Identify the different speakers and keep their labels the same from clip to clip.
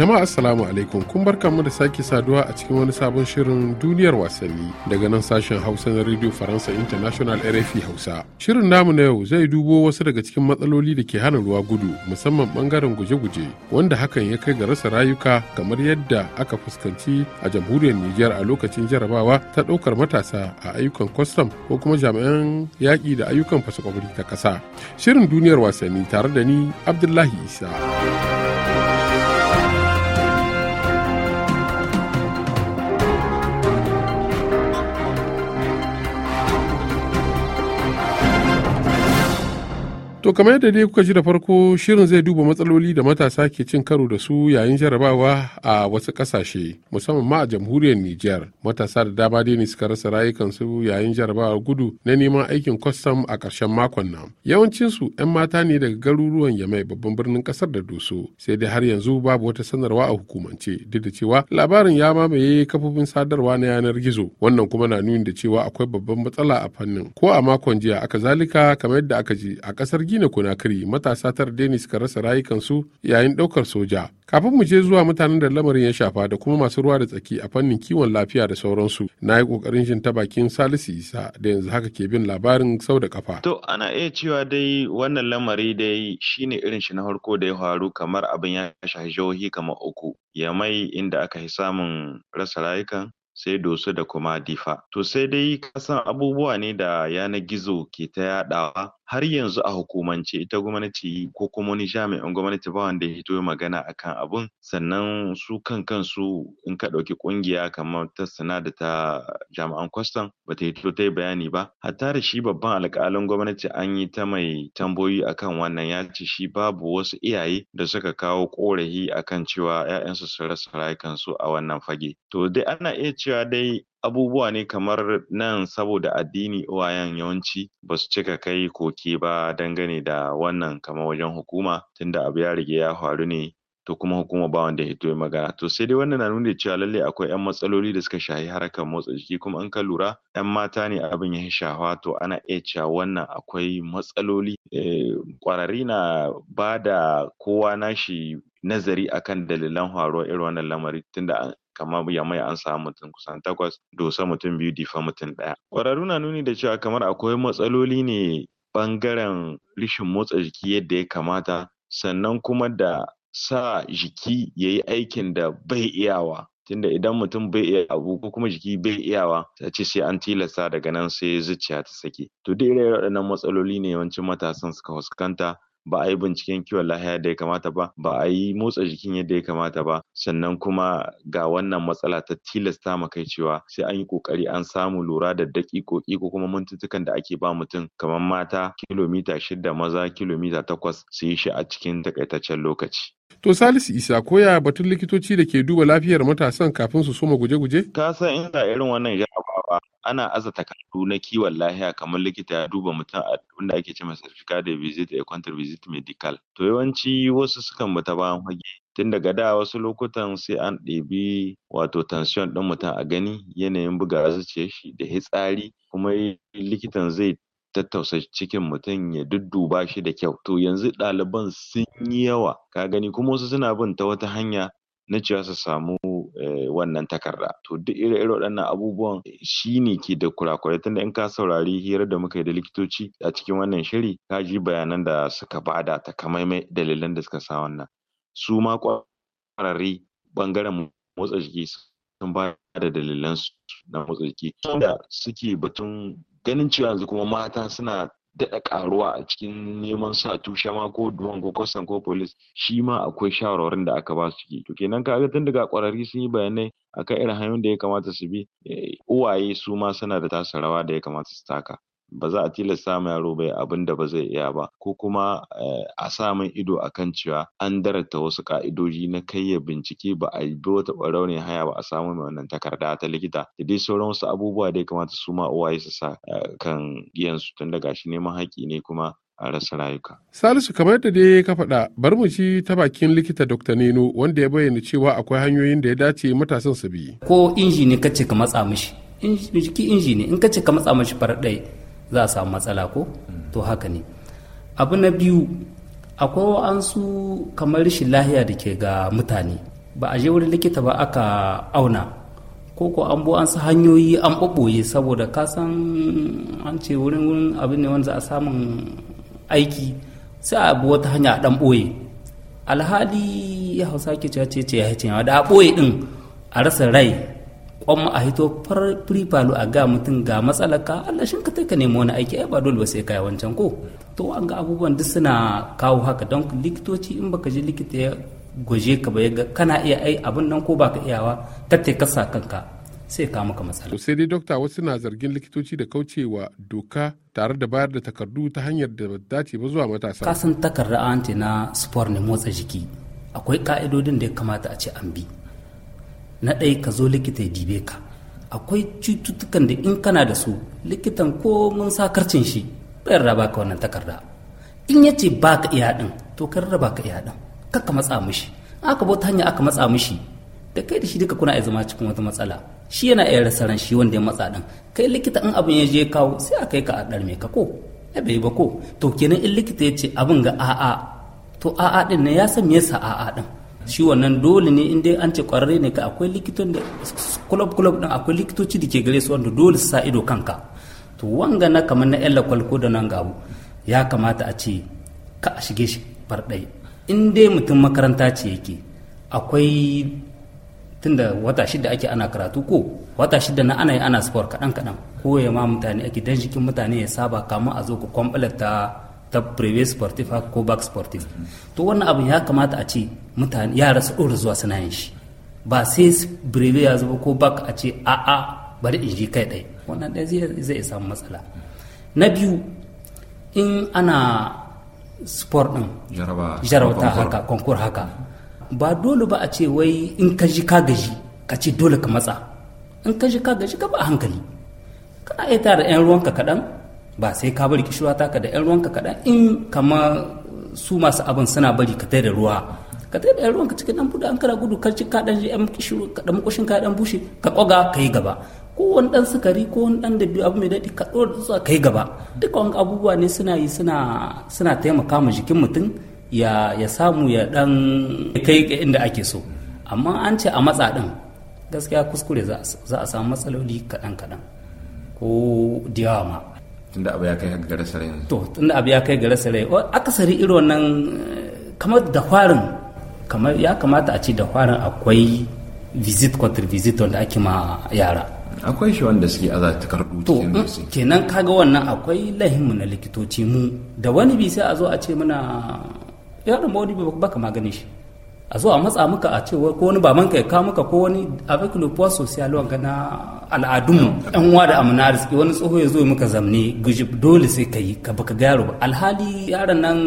Speaker 1: Jama'a Assalamu alaikum kun barka mu da sake saduwa a cikin wani sabon shirin duniyar wasanni daga nan sashen Hausa na Radio Faransa International RFI Hausa. Shirin namu na yau zai dubo wasu daga cikin matsaloli da ke hana ruwa gudu musamman bangaren guje-guje wanda hakan ya kai ga rasa rayuka kamar yadda aka fuskanci a jamhuriyar Nijar a lokacin jarabawa ta ɗaukar matasa a ayyukan kwastam ko kuma jami'an yaƙi da ayyukan fasakwabri ta ƙasa. Shirin duniyar wasanni tare da ni Abdullahi Isa. To kamar yadda dai kuka ji da farko shirin zai duba matsaloli da matasa ke cin karo da su yayin jarabawa a wasu kasashe musamman ma a jamhuriyar Nijar. Matasa da dama dai ne suka rasa rayukansu yayin jarabawar gudu na neman aikin kwastam a ƙarshen makon nan. Yawancinsu 'yan mata ne daga garuruwan Yamai babban birnin ƙasar da Doso sai dai har yanzu babu wata sanarwa a hukumance duk da cewa labarin ya mamaye kafofin sadarwa na yanar gizo wannan kuma na nuni da cewa akwai babban matsala a fannin ko a makon jiya aka zalika kamar yadda aka ji a ƙasar Gini Burkina Conakry matasa tar denis suka rasa rayukansu yayin daukar soja. Kafin mu je zuwa mutanen da lamarin ya shafa da kuma masu ruwa da tsaki a fannin kiwon lafiya da sauransu. Na yi kokarin jin ta bakin Salisu Isa da yanzu haka ke bin labarin sau da kafa. To
Speaker 2: ana iya cewa dai wannan lamari dai shine irin shi na farko da ya faru kamar abin ya shafi jihohi kamar uku. ya mai inda aka yi samun rasa rayukan sai dosu da kuma difa. To sai dai kasan abubuwa ne da yanar gizo ke ta yadawa. har yanzu a hukumance ita gwamnati ko kuma wani jami'in gwamnati ba wanda ya hito ya magana akan abun sannan su kan kansu in ka ɗauki ƙungiya kamar ta sana da ta jami'an kwastam ba ta hito ta yi bayani ba hatta da shi babban alƙalin gwamnati an yi ta mai tambayoyi akan wannan ya ce shi babu wasu iyaye da suka kawo ƙorafi akan cewa 'ya'yansu su rasa rayukansu a wannan fage to dai ana iya cewa dai abubuwa ne kamar nan saboda addini uwayen yawanci ba su cika kai koke ba dangane da wannan kamar wajen hukuma tunda abu ya rige ya faru ne to kuma hukuma ba wanda ya ya magana to sai dai wannan na nuna cewa lallai akwai yan matsaloli da suka shahi harkar motsa jiki kuma in ka lura yan mata ne abin ya shafa to ana iya cewa wannan akwai matsaloli kwararri eh, na ba da kowa nashi nazari akan dalilan faruwar irin wannan lamari tunda kamar ya mai an samu mutum kusan takwas dosa mutum biyu difa mutum ɗaya. Ƙwararru na nuni da cewa kamar akwai matsaloli ne ɓangaren rishin motsa jiki yadda ya kamata sannan kuma da sa jiki ya yi aikin da bai iyawa tunda idan mutum bai iya abu ko kuma jiki bai iyawa ta ce sai an tilasta daga nan sai zuciya ta sake to duk irin waɗannan matsaloli ne yawancin matasan suka fuskanta ba a yi binciken kiwon lahiya da ya kamata ba ba a yi motsa jikin yadda ya kamata ba sannan kuma ga wannan matsala ta tilasta ma kai cewa sai an yi ƙoƙari an samu lura da dakikoki ko kuma mintutukan da ake ba mutum kamar mata kilomita shida maza kilomita takwas su yi shi a cikin takaitaccen lokaci.
Speaker 1: To Salisu Isa koya batun likitoci da ke duba lafiyar matasan kafin su soma guje-guje? Ka san inda
Speaker 2: irin wannan jarabawa ana aza takardu na kiwon lahiya, kamar likita ya duba mutum a wanda ake ce masa certificate de visite et contre visite medical. To yawanci wasu sukan bata bayan fage tun daga da wasu lokutan sai an ɗebi wato tension ɗin mutum a gani yanayin buga zuciyar shi da hitsari kuma likitan zai tattausa cikin mutum ya dudduba shi da kyau to yanzu ɗaliban sun yi yawa ka gani kuma wasu suna bin ta wata hanya na cewa su samu eh, wannan takarda to duk ire-ire waɗannan abubuwan eh, shi ne ke da kurakurai tunda in ka saurari hirar da muka yi da likitoci a cikin wannan shiri ka ji bayanan da suka bada takamaiman dalilan da suka sa wannan su ma kwararri bangaren motsa jiki sun ba da dalilan na motsa jiki da suke batun ganin cewa yanzu kuma mata suna daɗa ƙaruwa a cikin neman sa tushe ma ko duwan ko kwastan ko polis shi ma akwai shawarwarin da aka ba su ke to kenan kaga tun daga ƙwararri sun yi bayanai akan irin hanyoyin da ya kamata su bi eh, uwaye su ma suna da tasu rawa da ya kamata su taka ba za a tilasta ma yaro bai abin da ba zai iya ba ko kuma eh, a sa min ido akan cewa an darata wasu ƙa'idoji na kai ya bincike ba a yi bi wata ɓarau haya ba a samu mai wannan takarda ta likita da dai sauran wasu abubuwa da ya kamata su ma uwaye su sa eh, kan su, tun daga shi neman haƙƙi ne kuma a rasa rayuka.
Speaker 1: Salisu kamar da dai ka faɗa bar mu ci ta bakin likita Dr. Nino wanda ya bayyana cewa akwai hanyoyin da ya dace matasan su bi. Ko inji ne kace ka matsa mishi. Jiki inji ne in
Speaker 3: kace ka matsa mishi farar ɗaya za a samu matsala ko to haka ne abu na biyu akwai wa'ansu kamar rashin lahiya da ke ga mutane ba a je wurin likita ba aka auna ko ko an bo an su hanyoyi an ɓaɓɓoye saboda ka san an ce wurin wurin abin ne wanda za a samun aiki sai a bi wata hanya a ɗan ɓoye alhali ya hausa ke cewa ce ce ya da a ɓoye ɗin a rasa rai kwamma a hito firifalu a ga mutum ga matsalaka Allah shin ka ka nemo wani aiki ai ba dole ba sai kai wancan ko to an ga abubuwan duk suna kawo haka don likitoci in baka je likita ya gwaje ka ba kana iya ai abin
Speaker 1: nan ko baka iyawa ka te ka sa kanka sai ka maka matsala sai dai dokta wasu na zargin likitoci da kaucewa doka tare da bayar da takardu ta hanyar da dace ba zuwa matasa kasan
Speaker 3: takarda an na sport ne motsa jiki akwai ka'idodin da ya kamata a ce an bi na ɗaya ka zo likita ya jibe ka akwai cututtukan da in kana da su likitan ko mun sa karcin shi bayar raba ka wannan takarda in ya ce ba ka iya ɗin to ka rarraba ka iya ɗin kakka matsa mishi aka bauta hanya aka matsa mishi da kai da shi duka kuna iya zama cikin wata matsala shi yana iya rasa ran shi wanda ya matsa ɗin kai likita in abin ya je kawo sai a kai ka a ɗarme ka ko ya bai ba ko to kenan in likita ya ce abin ga a'a to a'a ɗin ne ya san me yasa a'a ɗin shi wannan dole ne in an ce kwararre ne ka akwai likitan da club club din akwai likitoci da ke gare su wanda dole su sa ido kanka to wanga na kamar na yan lakwal ko da nan gabu ya kamata a ce ka a shige shi farɗai in dai mutum makaranta ce yake akwai tunda wata shida ake ana karatu ko wata shida na ana yi ana sport kaɗan kaɗan ko ya ma mutane ake dan jikin mutane ya saba kama a zo ku kwamɓalata ta privé sportif haka ko back sportif to wannan abu ya kamata a ce mutane yara su ɗora zuwa suna yin shi ba sai breve ya zuba ko back a ce a a bari in ji kai ɗai wannan ɗaya zai samu matsala na biyu in ana sport ɗin jarauta haka konkur haka ba dole ba a ce wai in ka ji ka gaji ka ce dole ka matsa in ka ji ka gaji ka ba hankali kana iya tara 'yan ruwanka kaɗan ba sai ka bari kishirwa taka da yan ruwanka kaɗan in kama su masu abin suna bari ka da ruwa ka tai da ruwanka cikin dan buɗe an kara gudu kar ci ka dan yan ka dan kushin ka dan bushe ka koga kai gaba ko wani dan sukari ko wani dan biyu abu mai daɗi ka ɗora zuwa kai gaba duka wani abubuwa ne suna yi suna suna taimaka ma jikin mutum ya ya samu ya dan kai inda ake so amma an ce a matsa din gaskiya kuskure za a samu matsaloli kaɗan kaɗan ko diyawa ma tunda abu ya kai ga rasa rai to tunda abu ya kai ga rasa rai akasari irin wannan eh, kamar da kwarin kamar ya kamata a ce da kwarin akwai visit kwatar visit wanda ake ma yara akwai shi wanda suke aza takardu cikin bisi kenan kaga wannan akwai mu na likitoci mu da wani bi sai a zo a ce muna yaron ba wani baka maganin shi a zo a matsa muka a ce ko wani babanka ya kawo muka ko wani avec le poids social wanga na al'adunmu ɗan uwa da amana suke wani tsoho ya zo muka zamne gujib dole sai ka yi ka baka gyaro ba alhali yaran nan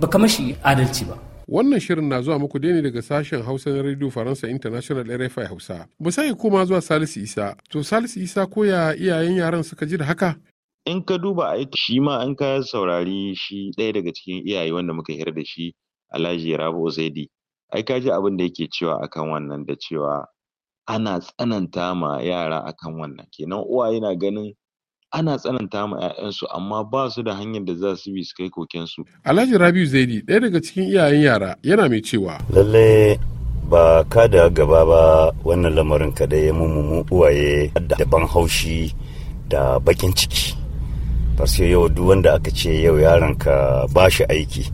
Speaker 1: baka mashi adalci ba wannan shirin na zuwa muku ne daga sashen hausa na radio faransa international rfi hausa musayi koma zuwa salisu isa to salisu isa ko ya iyayen yaran suka ji da haka
Speaker 2: in ka duba aiki shi ma an ka saurari shi ɗaya daga cikin iyaye wanda muka hira da shi alhaji rabu zaidi ai ka ji abin da yake cewa akan wannan da cewa ana tsananta ma yara akan wannan kenan uwaye na ganin ana tsananta ma 'ya'yansu amma ba su da hanyar da za su bi su kai kokensu.
Speaker 1: Alhaji Rabiu Zaidi ɗaya daga cikin iyayen yara yana mai cewa. Lalle ba ka da
Speaker 4: gaba ba wannan lamarin ka da ya mu uwaye da ban haushi da bakin ciki. Farsiyo yau duk wanda aka ce yau ka ba shi aiki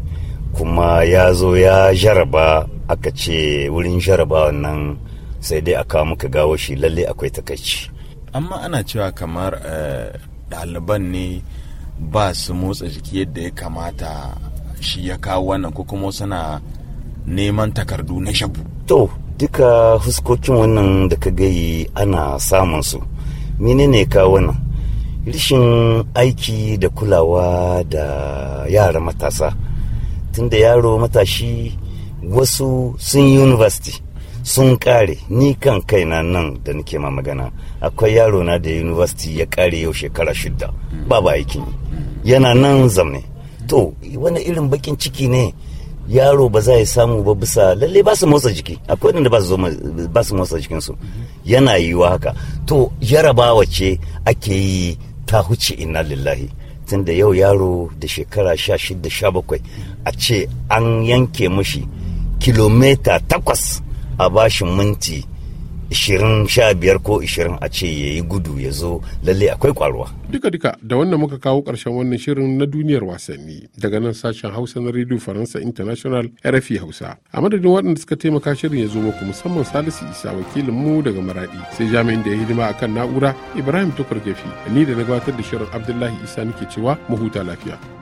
Speaker 4: kuma ya zo ya jaraba aka ce wurin jarabawa nan. sai dai a kawo muka gawo shi lalle akwai takaici amma ana cewa kamar eh, ɗaliban ne ba su motsa jiki yadda ya kamata
Speaker 2: shi ya kawo wannan ko kuma suna neman takardu na shabu
Speaker 4: to duka huskokin wannan da ka gayi ana samun su menene kawo wannan rishin aiki da kulawa da yara matasa tunda yaro matashi wasu sun yi university sun kare ni kan kai na nan da nake ma magana akwai yaro na da university ya kare yau shekara shida ba ba aikin yana nan zamne to wani irin bakin ciki ne yaro ba za ya samu ba bisa lalle ba su motsa jiki akwai wanda ba su motsa su yana yiwuwa haka to yarabawa ce ake yi ta huce inna lillahi tunda yau yaro da shekara sha shida sha bakwai a ce an yanke mashi kilomita takwas a bashin minti 25 ko 20 a ce ya yi gudu ya zo lalle akwai
Speaker 1: kwaruwa. Duka duka da wannan muka kawo ƙarshen wannan shirin na duniyar wasanni daga nan sashen Hausa na Radio Faransa International RFI Hausa. A madadin waɗanda suka taimaka shirin ya zo muku musamman Salisu Isa wakilin mu daga maraɗi sai jami'in da ya hidima kan na'ura Ibrahim Tukur Gafi ni da na gabatar da shirin Abdullahi Isa nake cewa mu huta lafiya.